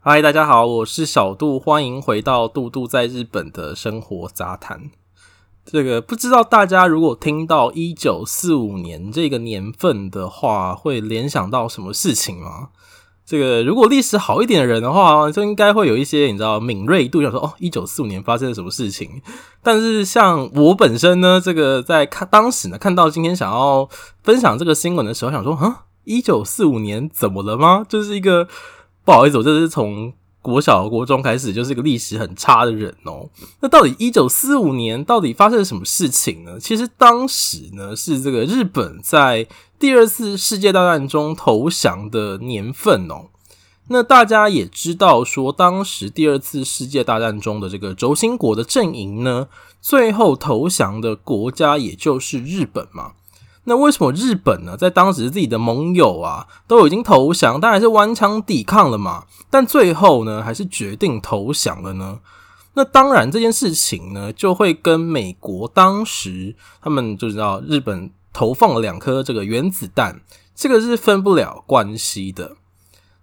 嗨，Hi, 大家好，我是小杜，歡迎回到《杜杜在日本的生活雜談》。這個不知道大家如果聽到一九四五年這個年份的話，會聯想到什麼事情嗎？這個如果歷史好一點的人的話，就應該會有一些你知道敏銳度，想說哦，一九四五年發生了什麼事情。但是像我本身呢，這個在看當時呢，看到今天想要分享這個新聞的時候，想說啊，一九四五年怎麼了嗎？就是一個不好意思，我這是從。國小的國中開始就是個歷史很差的人哦。那到底一九四五年到底發生了什麼事情呢？其實當時呢，是這個日本在第二次世界大戰中投降的年份哦。那大家也知道說，當時第二次世界大戰中的這個軸心國的陣營呢，最後投降的國家也就是日本嘛。那為什麼日本呢？在當時自己的盟友啊都已經投降，但還是頑強抵抗了嘛？但最後呢，還是決定投降了呢？那當然，這件事情呢，就會跟美國當時他們就知道日本投放了兩顆這個原子彈，這個是分不了關係的。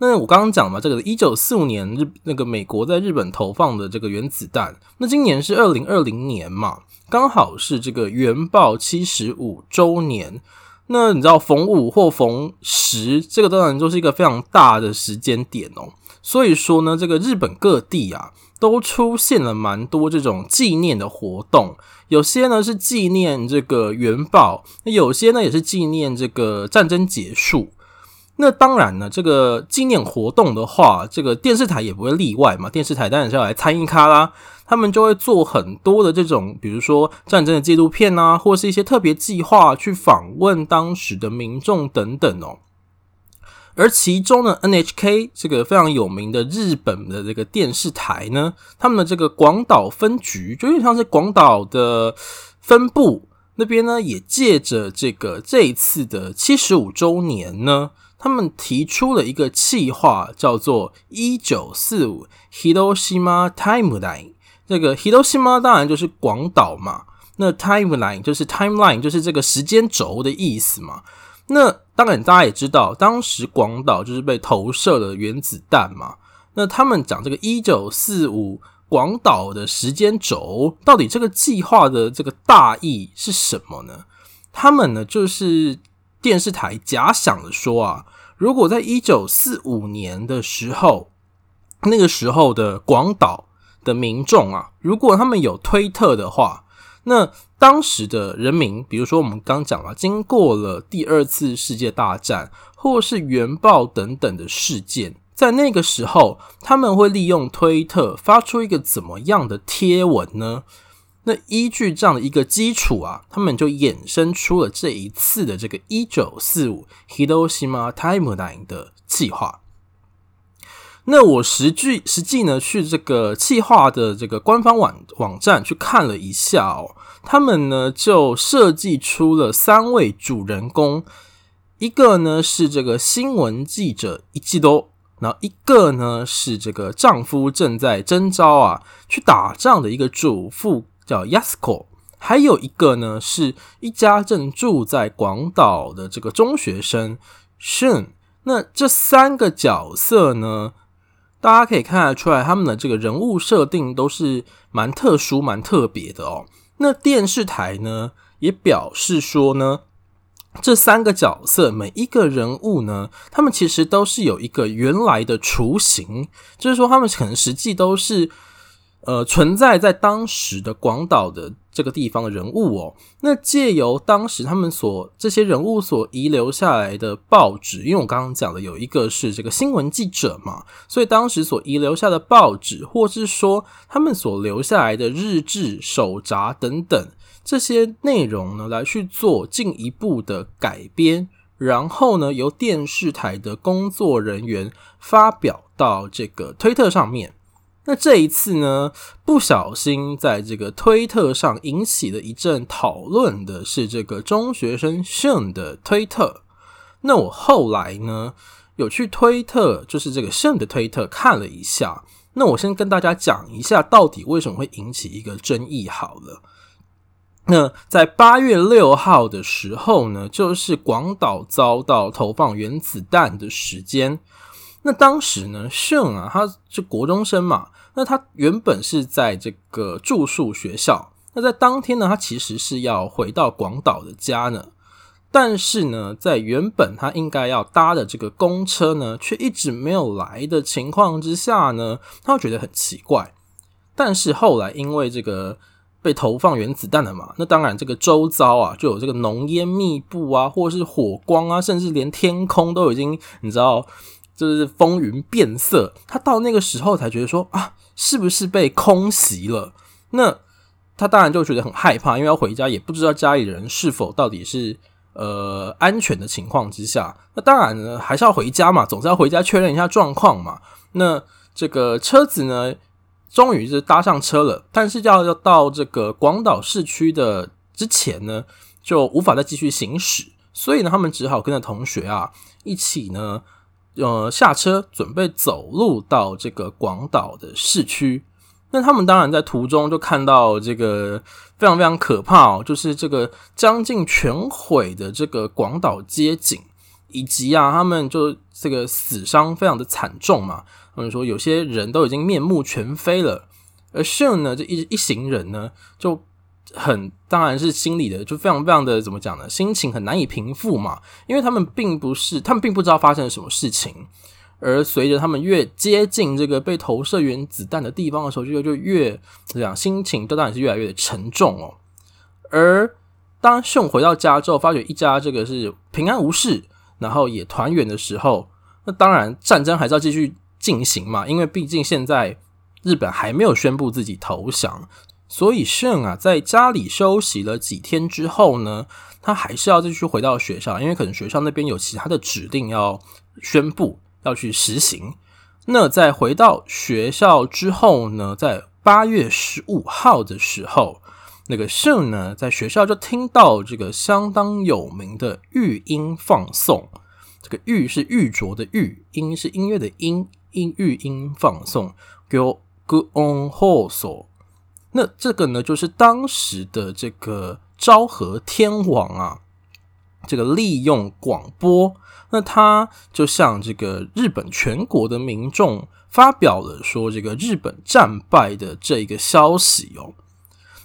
那我剛剛講嘛，這個一九四五年日那個美國在日本投放的這個原子彈。那今年是二零二零年嘛？剛好是這個原爆七十五周年，那你知道逢五或逢十，這個當然就是一個非常大的時間點哦。所以說呢，這個日本各地啊，都出現了蠻多這種紀念的活動，有些呢是紀念這個原爆，那有些呢也是紀念這個戰爭結束。那當然呢，這個紀念活動的話，這個電視台也不會例外嘛。電視台當然是要來參一咖啦。他們就會做很多的這種，比如說戰爭的紀錄片啊，或是一些特別計劃去訪問當時的民眾等等哦、喔。而其中呢，NHK 這個非常有名的日本的這個電視台呢，他們的這個廣島分局，就像是廣島的分部那邊呢，也借着這個這一次的七十五週年呢，他們提出了一個計劃，叫做一九四五 Hiroshima Time Line。這個 Hiroshima 當然就是廣島嘛，那 Timeline 就是 Timeline 就是這個時間軸的意思嘛。那當然大家也知道，當時廣島就是被投射了原子彈嘛。那他們講這個一九四五廣島的時間軸，到底這個計劃的這個大意是什麼呢？他們呢就是電視台假想的說啊，如果在一九四五年的時候，那個時候的廣島。的民眾啊，如果他們有推特的話，那當時的人民，比如說我們剛講了，經過了第二次世界大戰或是原爆等等的事件，在那個時候，他們會利用推特發出一個怎麼樣的貼文呢？那依據這樣的一個基礎啊，他們就衍生出了這一次的這個一九四五 Hiroshima Timeline 的計劃。那我實際實際呢去這個企劃的這個官方網網站去看了一下哦、喔，他們呢就設計出了三位主人公，一個呢是這個新聞記者一季多，Ichiro, 然後一個呢是這個丈夫正在徵召啊去打仗的一個主婦叫 Yasuko 還有一個呢是一家正住在廣島的這個中學生 Shun。那這三個角色呢？大家可以看得出來，他們的這個人物設定都是蠻特殊，蠻特別的哦、喔。那電視台呢，也表示說呢，這三個角色每一個人物呢，他們其實都是有一個原來的雛形，就是說他們可能實際都是呃存在在當時的廣島的。這個地方的人物哦，那借由當時他們所這些人物所遺留下來的報紙，因為我剛剛講的有一個是這個新聞記者嘛，所以當時所遺留下的報紙，或是說他們所留下來的日誌、手札等等這些內容呢，來去做進一步的改編，然後呢，由電視台的工作人員發表到這個推特上面。那這一次呢，不小心在這個推特上引起了一陣討論的是這個中學生 Shun 的推特。那我後來呢，有去推特，就是這個 Shun 的推特看了一下。那我先跟大家講一下，到底為什麼會引起一個爭議好了。那在八月六號的時候呢，就是廣島遭到投放原子彈的時間。那當時呢，勝啊，他是國中生嘛。那他原本是在這個住宿學校。那在當天呢，他其實是要回到廣島的家呢。但是呢，在原本他應該要搭的這個公車呢，卻一直沒有來的情況之下呢，他覺得很奇怪。但是後來因為這個被投放原子彈了嘛，那當然這個周遭啊，就有這個濃煙密布啊，或者是火光啊，甚至連天空都已經，你知道。就是風雲變色，他到那個時候才覺得說啊，是不是被空襲了？那他當然就覺得很害怕，因為要回家也不知道家裡人是否到底是呃安全的情況之下。那當然呢，還是要回家嘛，總是要回家確認一下狀況嘛。那這個車子呢，終於是搭上車了，但是要要到這個廣島市區的之前呢，就無法再繼續行駛，所以呢，他們只好跟着同學啊一起呢。呃，下車準備走路到這個廣島的市區。那他們當然在途中就看到這個非常非常可怕哦，就是這個將近全毀的這個廣島街景，以及啊，他們就這個死傷非常的慘重嘛。或者說有些人都已經面目全非了。而 Shun 呢，就一一行人呢就。很，當然是心裡的，就非常非常的怎麼講呢？心情很難以平復嘛，因為他們並不是，他們並不知道發生了什麼事情，而隨着他們越接近這個被投射原子彈的地方的時候，就越就越這樣，心情都當然是越來越沉重哦、喔。而當秀回到家之後，發覺一家這個是平安無事，然後也團圓的時候，那當然戰爭還是要繼續進行嘛，因為畢竟現在日本還沒有宣布自己投降。所以聖啊，在家裡休息了幾天之後呢，他還是要繼續回到學校，因為可能學校那邊有其他的指定要宣布，要去實行。那在回到學校之後呢，在八月十五號的時候，那個聖呢，在學校就聽到這個相當有名的“玉音放送”。這個“玉”是玉鐲的“玉”，“音”是音樂的音“音”，音玉音放送。Go go on，後所。那這個呢，就是當時的這個昭和天皇啊，這個利用廣播，那他就向這個日本全國的民眾發表了說，這個日本戰敗的這個消息哦。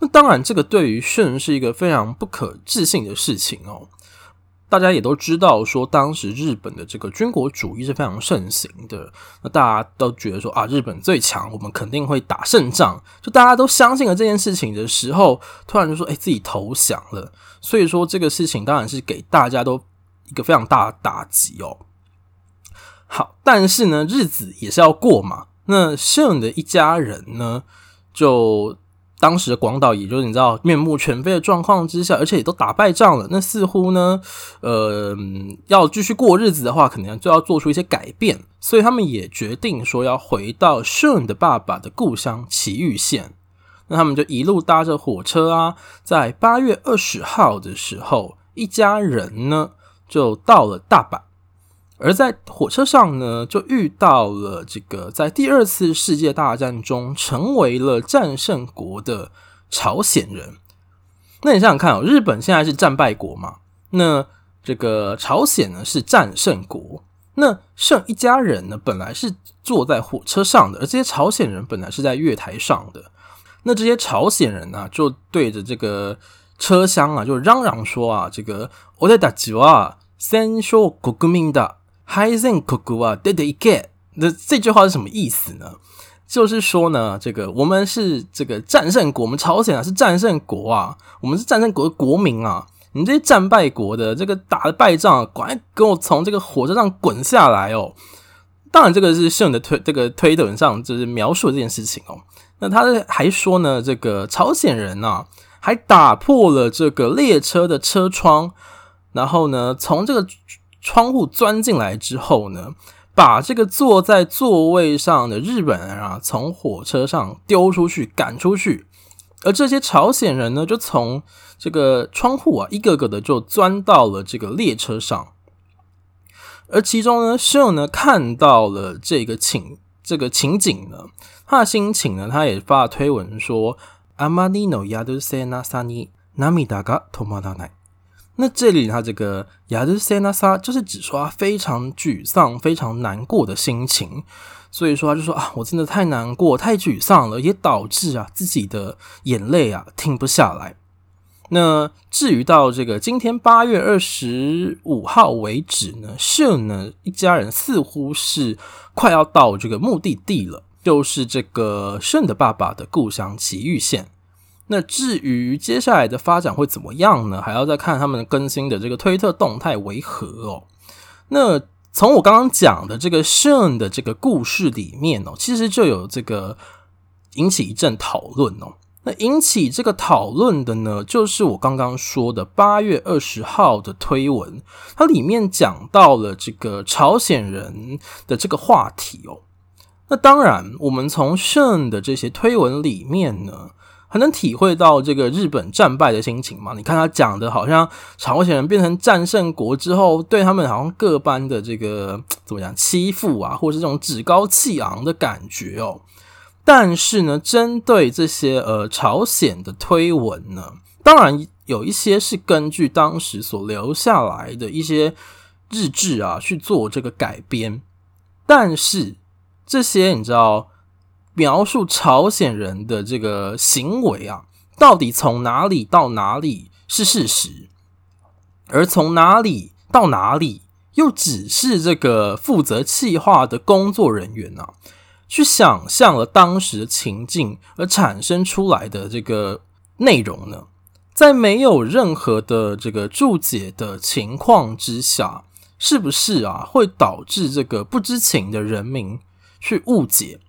那當然，這個對於世人是一個非常不可置信的事情哦。大家也都知道，說當時日本的這個軍國主義是非常盛行的。那大家都覺得說啊，日本最強，我們肯定會打勝仗。就大家都相信了這件事情的時候，突然就說哎、欸，自己投降了。所以說這個事情當然是給大家都一個非常大的打擊哦。好，但是呢，日子也是要過嘛。那秀的一家人呢，就。當時的廣島，也就是你知道面目全非的狀況之下，而且也都打敗仗了。那似乎呢，呃，要繼續過日子的話，可能就要做出一些改變。所以他們也決定說要回到 Shun 的爸爸的故鄉埼玉縣。那他們就一路搭着火車啊，在八月二十號的時候，一家人呢就到了大阪。而在火車上呢，就遇到了這個在第二次世界大戰中成為了戰勝國的朝鮮人。那你想想看啊、哦，日本現在是戰敗國嘛？那這個朝鮮呢是戰勝國。那剩一家人呢本來是坐在火車上的，而這些朝鮮人本來是在月台上的。那這些朝鮮人呢、啊、就對着這個車廂啊就嚷嚷說啊，這個俺たちは戦勝國民だ。敗戦國は出て行け。那這句話是什麼意思呢？就是說呢，這個我們是這個戰勝國，我們朝鮮啊是戰勝國啊，我們是戰勝國的國民啊，你這些戰敗國的這個打的敗仗，快給我從這個火車上滾下來哦！當然這，這個是社友的推這個推文上就是描述的這件事情哦。那他還說呢，這個朝鮮人呢、啊、還打破了這個列車的車窗，然後呢從這個。窗戶鑽進來之後呢，把這個坐在座位上的日本人啊，從火車上丟出去，趕出去。而這些朝鮮人呢，就從這個窗戶啊，一個個的就鑽到了這個列車上。而其中呢，秀呢看到了這個情這個情景呢，他的心情呢，他也發了推文說：“阿瑪尼のやるせなさに涙が止まらない。”那這裡他這個亞德塞納撒就是指出他非常沮喪、非常難過的心情，所以說他就說啊，我真的太難過、太沮喪了，也導致啊，自己的眼淚啊停不下來。那至於到這個今天八月二十五號為止呢，勝呢一家人似乎是快要到這個目的地了，就是這個勝的爸爸的故鄉埼玉縣。那至於接下來的發展會怎麼樣呢？還要再看他們更新的這個推特動態為何哦。那從我剛剛講的這個 Shun 的這個故事裡面哦，其實就有這個引起一陣討論哦。那引起這個討論的呢，就是我剛剛說的八月二十號的推文，它裡面講到了這個朝鮮人的這個話題哦。那當然，我們從 Shun 的這些推文裡面呢。還能體會到這個日本戰敗的心情嗎？你看他講的，好像朝鮮人變成戰勝國之後，對他們好像各般的這個怎麼講欺負啊，或者是這種趾高氣昂的感覺哦、喔。但是呢，針對這些呃朝鮮的推文呢，當然有一些是根據當時所留下來的一些日誌啊去做這個改編，但是這些你知道。描述朝鮮人的這個行為啊，到底從哪裡到哪裡是事實，而從哪裡到哪裡又只是這個負責企劃的工作人員啊，去想象了當時的情境而產生出來的這個內容呢，在沒有任何的這個注解的情況之下，是不是啊會導致這個不知情的人民去誤解？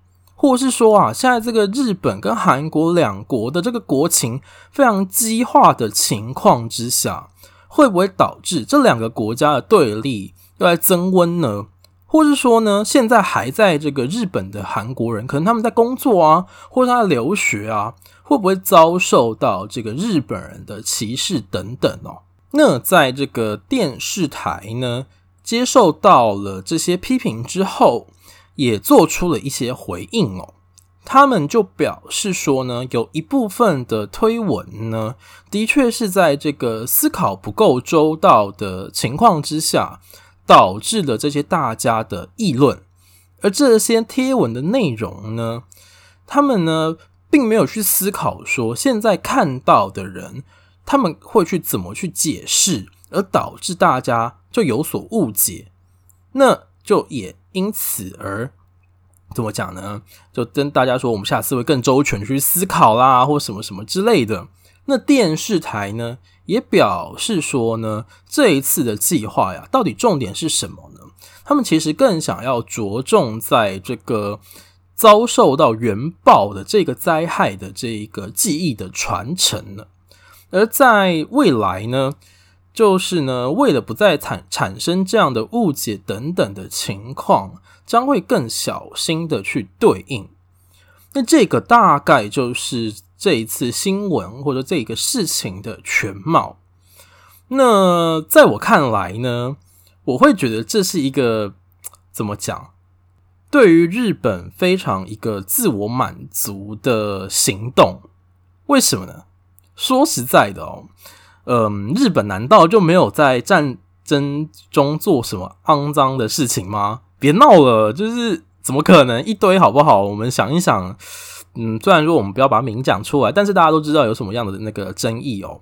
或是說啊，現在這個日本跟韓國兩國的這個國情非常激化的情況之下，會不會導致這兩個國家的對立又來增溫呢？或是說呢，現在還在這個日本的韓國人，可能他們在工作啊，或者他留學啊，會不會遭受到這個日本人的歧視等等哦、喔？那在這個電視台呢，接受到了這些批評之後。也做出了一些回應哦，他們就表示說呢，有一部分的推文呢，的確是在這個思考不夠周到的情況之下，導致了這些大家的議論，而這些貼文的內容呢，他們呢並沒有去思考說現在看到的人他們會去怎麼去解釋，而導致大家就有所誤解，那。就也因此而怎麼講呢？就跟大家說，我們下次會更周全去思考啦，或什麼什麼之類的。那電視台呢，也表示說呢，這一次的計劃呀，到底重點是什麼呢？他們其實更想要着重在這個遭受到原爆的這個災害的這一個記憶的傳承呢，而在未來呢？就是呢，為了不再產產生這樣的誤解等等的情況，將會更小心的去對應。那這個大概就是這一次新聞或者這一個事情的全貌。那在我看來呢，我會覺得這是一個怎麼講？對於日本非常一個自我滿足的行動。為什麼呢？說實在的哦、喔。嗯，日本難道就沒有在戰爭中做什麼骯髒的事情嗎？別鬧了，就是怎麼可能一堆好不好？我們想一想，嗯，雖然說我們不要把名講出來，但是大家都知道有什麼樣的那個爭議哦、喔。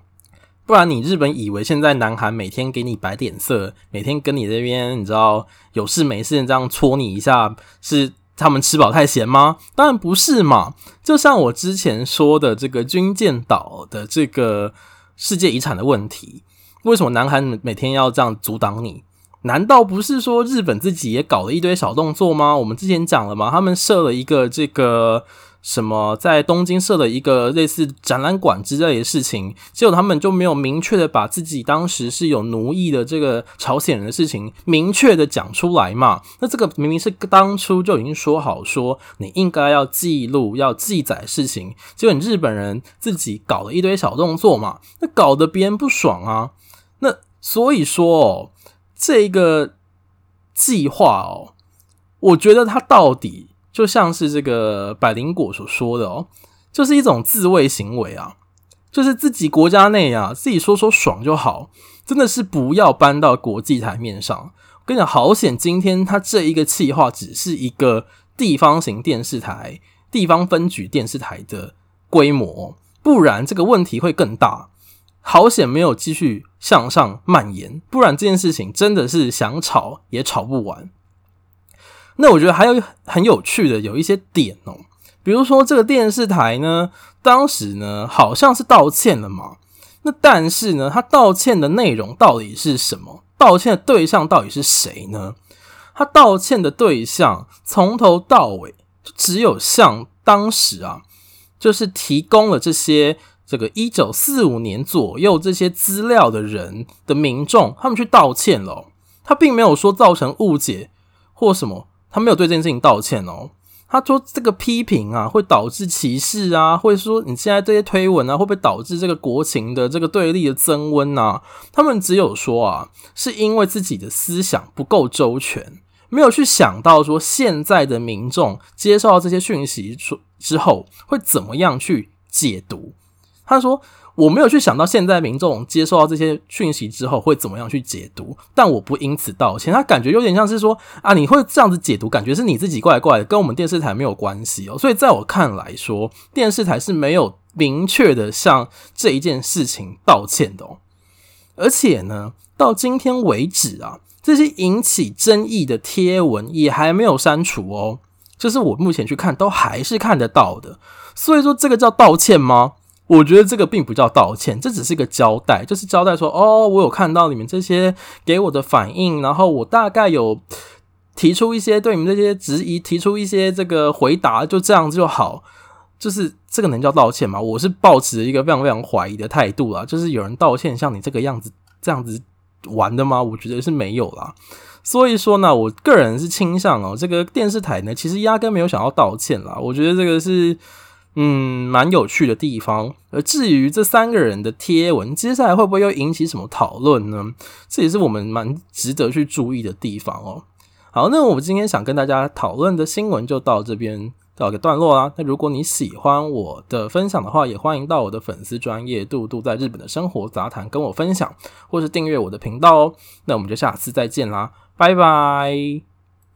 不然你日本以為現在南韓每天給你擺臉色，每天跟你這邊你知道有事沒事這樣戳你一下，是他們吃飽太閒嗎？當然不是嘛。就像我之前說的，這個軍艦島的這個。世界遺產的問題，為什麼南韓每天要這樣阻擋你？難道不是說日本自己也搞了一堆小動作嗎？我們之前講了嘛，他們設了一個這個。什麼在東京設的一個類似展覽館之類的事情，結果他們就沒有明確的把自己當時是有奴役的這個朝鮮人的事情明確的講出來嘛。那這個明明是當初就已經說好，說你應該要記錄、要記載事情，結果你日本人自己搞了一堆小動作嘛。那搞得別人不爽啊！那所以說哦，這個計劃哦，我覺得他到底。就像是這個百靈果所說的哦，就是一種自慰行為啊，就是自己國家內啊，自己說說爽就好，真的是不要搬到國際台面上。我跟你講，好險今天他這一個企劃只是一個地方型電視台、地方分局電視台的規模，不然這個問題會更大。好險沒有繼續向上蔓延，不然這件事情真的是想吵也吵不完。那我覺得還有很有趣的有一些點哦，比如說這個電視台呢，當時呢好像是道歉了嘛，那但是呢，他道歉的內容到底是什麼？道歉的對象到底是誰呢？他道歉的對象從頭到尾就只有向當時啊，就是提供了這些這個一九四五年左右這些資料的人的民眾，他們去道歉嘍。他並沒有說造成誤解或什麼。他沒有對這件事情道歉哦。他說這個批評啊會導致歧視啊，或者說你現在這些推文啊會不會導致這個國情的這個對立的增溫啊？他們只有說啊，是因為自己的思想不夠周全，沒有去想到說現在的民眾接受到這些訊息之之後會怎麼樣去解讀。他說。我沒有去想到現在民眾接受到這些訊息之後會怎麼樣去解讀，但我不因此道歉。他感覺有點像是說啊，你會這樣子解讀，感覺是你自己怪怪的，跟我們電視台沒有關係哦。所以在我看來說，電視台是沒有明確的向這一件事情道歉的哦。而且呢，到今天為止啊，這些引起爭議的貼文也還沒有刪除哦，就是我目前去看都還是看得到的。所以說，這個叫道歉嗎？我覺得這個並不叫道歉，這只是一個交代，就是交代說，哦，我有看到你們這些給我的反應，然後我大概有提出一些對你們這些質疑，提出一些這個回答，就這樣子就好。就是這個能叫道歉嗎？我是抱持一個非常非常懷疑的態度啦。就是有人道歉像你這個樣子這樣子玩的嗎？我覺得是沒有啦。所以說呢，我個人是傾向哦，這個電視台呢，其實壓根沒有想要道歉啦。我覺得這個是。嗯，蠻有趣的地方。而至於這三個人的貼文，接下來會不會又引起什麼討論呢？這也是我們蠻值得去注意的地方喔。好，那我們今天想跟大家討論的新聞就到這邊告個段落啦。那如果你喜歡我的分享的話，也歡迎到我的粉絲專業度度在日本的生活雜談跟我分享，或是訂閱我的頻道喔。那我們就下次再見啦，拜拜。